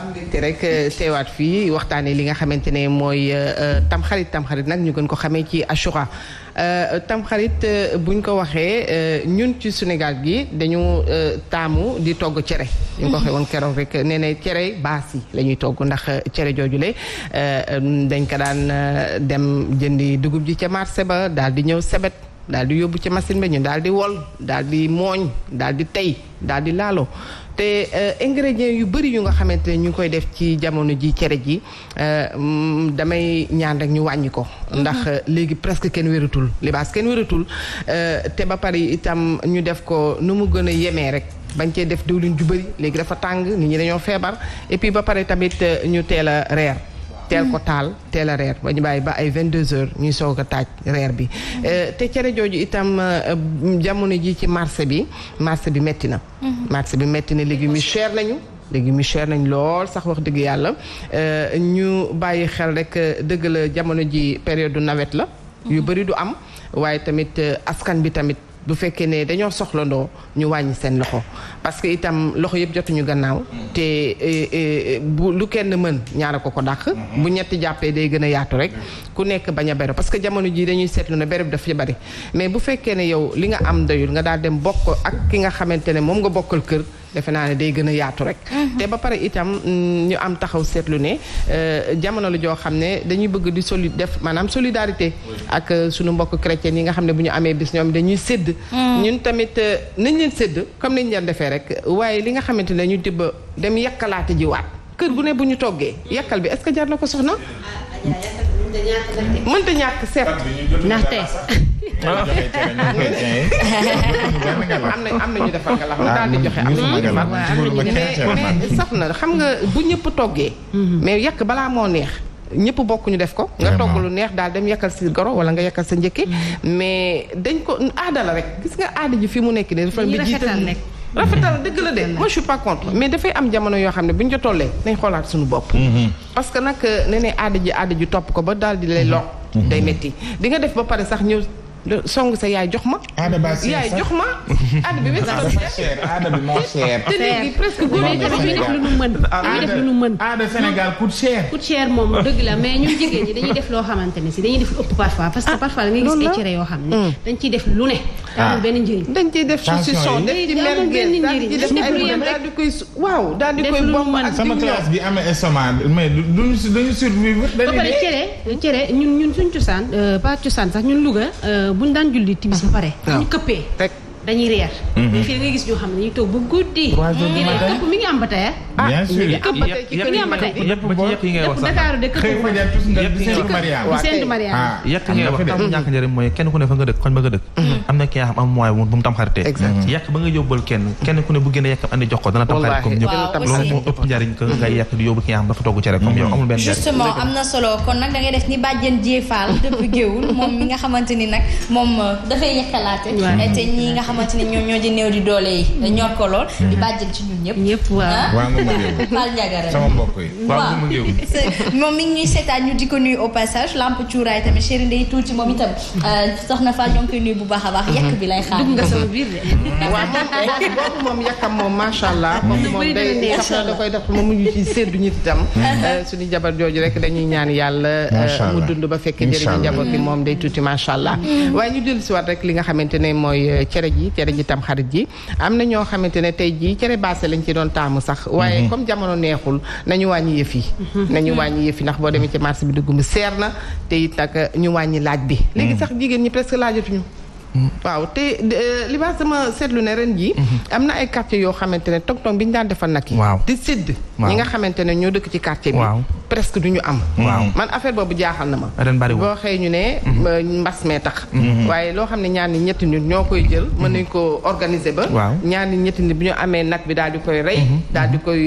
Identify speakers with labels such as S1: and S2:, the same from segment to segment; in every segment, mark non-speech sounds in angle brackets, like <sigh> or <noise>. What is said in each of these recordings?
S1: am mbégte rek euh, teewaat fii waxtaanee li nga xamante ne mooy euh, euh, tamxarit tamxarit nag ñu gën ko xamee ci Achoura tamxarit buñ ko waxee ñun ci Sénégal gi dañu taamu di togg cere. ñu ko waxee woon keroog rek nee na cere baas yi la ñuy togg ndax cere jooju joojule dañ ko daan dem jëndi dugub ji ca marché ba daal di ñëw sebet. daal di yóbbu ci machine ba ñu daal di wol daal di mooñ daal di tey daal di laalo te euh, ingrédients yu bëri yu nga xamante ne ñu ngi koy def ci jamono ji cere ji euh, mm, damay ñaan rek ñu wàññi ko. Mm-hmm. ndax euh, léegi presque kenn wératul libaas kenn wératul te ba pare itam ñu def ko nu mu gën a yemee rek. bañ cee def diwlin ju bëri léegi dafa tàng nit ñi dañoo feebar et ba pare tamit ñu teel a reer. teel ko taal teel a reer ba ñu bàyyi ba ay vingt deux heures ñuy soog a taaj reer bi euh, te cere jooju itam euh, jamono ji ci marché bi marché bi metti na mhm. marché bi metti na légumes yi cher nañu léegi mu cher nañ lool sax wax dëgg yàlla euh, ñu bàyyi xel rek dëgg la jamono ji période du nawet la. yu mhm. bëri du am waaye tamit askan bi tamit bu fekkee ne dañoo soxlandoo ñu wàññi seen loxo parce que itam loxo yëpp jotuñu gannaaw. te eh, eh, bu lu kenn mën ñaara ko ko dàq. Mhm. bu ñetti jàppee day gën a yaatu rek. ku nekk bañ a beru parce que jamono jii dañuy seetlu ne beru dafa ci bari mais bu fekkee ne yow li nga am doyul nga daal dem bokk ak ki nga xamante ne moom nga bokkal kër. defe naa ne day gën a yaatu rek. Mhm. te ba pare itam mm, ñu am taxaw seetlu ne euh, jamono la joo xam ne dañuy bëgg di soli def maanaam solidarité. ak euh, suñu mbokk chrétien yi nga xam ne bu ñu amee bis ñoom dañuy sédd. Mhm. ñun tamit euh, nañ leen sédd comme niñ leen defee rek waaye li nga xamante ne ñu tibb dem yàkkalaate ji waat kër gu ne bu ñu toggee yàkkal bi est-ce que jar na ko soxna. Ah, ah, mënta ñàkk set ndaxte am na am nañu defar nga lax daal di joxe am nañu ah, defar mais saf na xam nga bu ñëpp toggee mhm. mais yàq balaa moo neex ñëpp bokkuñu def ko nga togg lu neex daal dem yekkal si goro wala nga yekkal sa njëkki mhm. mais dañ ko aada rek gis nga aada ji fi mu nekk nii dafa bi jiital rafetal dëgg la de moi je pas contre mais dafay am jamono yoo xam ne bu ñu ca tollee nañ xoolaat suñu bopp mm-hmm. parce que nag euh, ne ne aada ji aada ji topp ko ba daal di lay lox mm-hmm. day métti di nga def ba pare sax ñëw song sa yaay jox ma. aada ba yaay jox ma. <laughs> aada bi ba cher aada bi moo cher. te léegi presque góor yi tamit ñuy def lu nu mën. ñuy def lu nu mën. aada Sénégal coûte cher. coûte moom dëgg la mais ñun dañuy def loo xamante ni si dañuy def lu ëpp parfois parce que ah, parfois da ngay gis ay cere yoo xam ne. Mm. dañ ciy def lu ne. amul ah. benn njëriñ dañ ciy def saucisson dañ ci merguez daal di def ay problème daal di koy waaw daal di koy bomb ak sama classe bi amee estomac mais duñu dañu survivre dañuy ba pare cere cere ñun ñun suñ cosaan euh, pas cosaan sax ñun Louga euh, buñ daan julli timis ba pare ñu këppee dañuy reer. mais fii da gis ñoo xam ne dañuy toog ba guddi. 3 heures du matin këpp mi ngi am ba tey ah. bien sûr yëpp ba de këpp nga du seen du mariage. waaw kay ah yàq nga dëkk koñ ba nga dëkk. am na ki nga xam am moyen bu mu ba nga yóbbal kenn kenn ne bu génnee yàqam andi jox ko dana tam xarit comme ñëpp loolu moo ëpp njëriñ que ngay na solo kon nag da ngay def ni bàjjen jéefaal nga xamante ni nag moom dafay yàqalaate xamante ñoo di néew di doole yi ñor ko lool mhm. ñëpp ñëpp waaw ah. waa nga ma ngéew Fall Ndiagara moom <laughs> <laughs> ñu di ko nuyu au passage tuuti moom itam euh, soxna Fall ñoo bu baax a bi lay xaar dugg nga sama biir de <laughs> waaw eh, boobu moom yàkkam moom macha allah mm. moom day sax da koy def moom mu ñu ci séddu ñit itam mm. euh, suñu jabar jooju rek dañuy ñaan yàlla euh, mu dund ba fekk njëriñu jabar bi moom day tuuti macha allah mm. waaye ñu dellu si waat li nga xamante ne mooy cere ji cere ji tam xarit ji am na ñoo xamante ne tey jii cere baase lañ ci doon taamu sax waaye mhm. comme jamono neexul nañu wàññi yëf yi mhm. nañu wàññi yëf yi ndax boo demee ci marché bi dugg mu seer na te it nag ñu wàññi laaj bi léegi mhm. sax jigéen ñi presque laajatuñu waaw te li baax sama seetlu ne ren jii. Mhm. am na ay quartiers yoo xamante ne tong-tong bi ñu daan defal nag yi. waaw di sédd. ñi nga xamante ne ñoo dëkk ci quartier bi. presque du ñu am. man affaire boobu jaaxal na ma. ren ah, bariwul boo xëyee ñu ne mhm. mbas mee tax. Mhm. waaye loo xam ne ñaar ni ñetti nit ñoo koy jël. mën nañ ko organiser ba. ñaar ni ñetti nit bu ñu amee nag bi daal di koy rey. daal di koy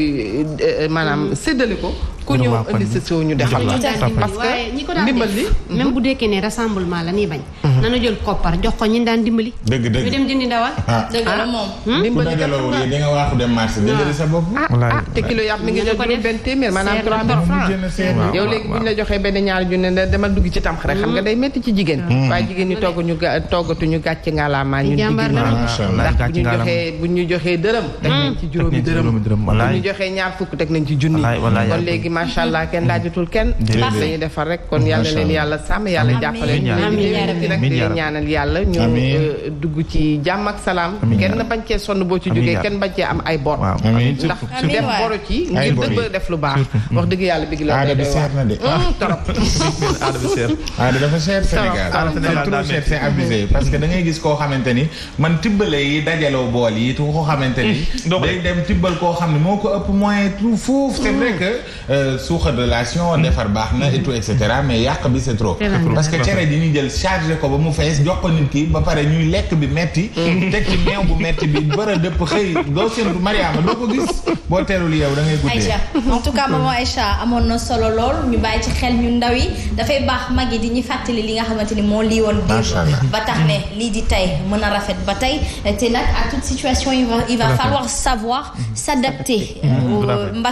S1: eh, eh, maanaam séddale ko. ku ñëw indi sa ñu defal la parce que ndimbal li. même bu dekkee ne rassemblement la nii bañ. nanu jël koppar jox ko ñi daan dimbali. dëgg dëgg ñu dem jëndi ndawal. Ah. dëgg la ah. moom. Hmm? dimbali ku dajaloo yéen da nga waaxu dem marché ah. dimbali sa bopp. ah te kilo yàpp mi ngi jël juróom benn téeméer maanaam 300 francs yow léegi bu ñu la joxee benn ñaari junne ne demal dugg ci tam xare xam nga hmm? day métti ci jigéen. Hmm. waaye jigéen ñi togg ñu toggatu ñu gàcce ngalaama ñun jigéen ndax bu ñu joxee bu ñu joxee dërëm teg nañ ci juróomi dërëm bu ñu joxee ñaar fukk teg nañ ci junni kon léegi macha allah kenn laajatul kenn dañuy defar rek kon yàlla leen yàlla sàmm yàlla jàppale di leen ñaanal yàlla ñu euh, dugg ci jàmm ak salaam kenn bañ cee sonn boo ci jógee kenn bañ cee am ay bor ndax def boru ci ngir dëgg def lu baax wax dëgg yàlla bi gi la aada bi seer na de trop <laughs> aada bi seer aada dafa seer parce que da ngay gis koo xamante ni man tibbale bool yi tu xamante ni day dem tibbal koo xam ne moo ko ëpp moyen tout foofu c'est vrai que euh, suuxa relation defar baax na et tout et cetera mais yàq bi c'est trop parce cere ji ñu jël chargé ko ba mu fees jox ko nit ki ba pare ñuy lekk bi metti mm. teg ci meew bu metti bi bëra dëpp xëy doo séntu Mariama doo ko gis boo teelul yow da ngay guddee Aïcha en tout cas maman Aïcha amoon na solo lool ñu bàyyi ci xel ñu ndaw yi dafay baax mag yi di ñu fàttali li nga xamante ni moo lii woon démb ba tax ne lii di tey mën a rafet ba tey te nag à toute situation il va il va falloir savoir mm. s'adapter mm.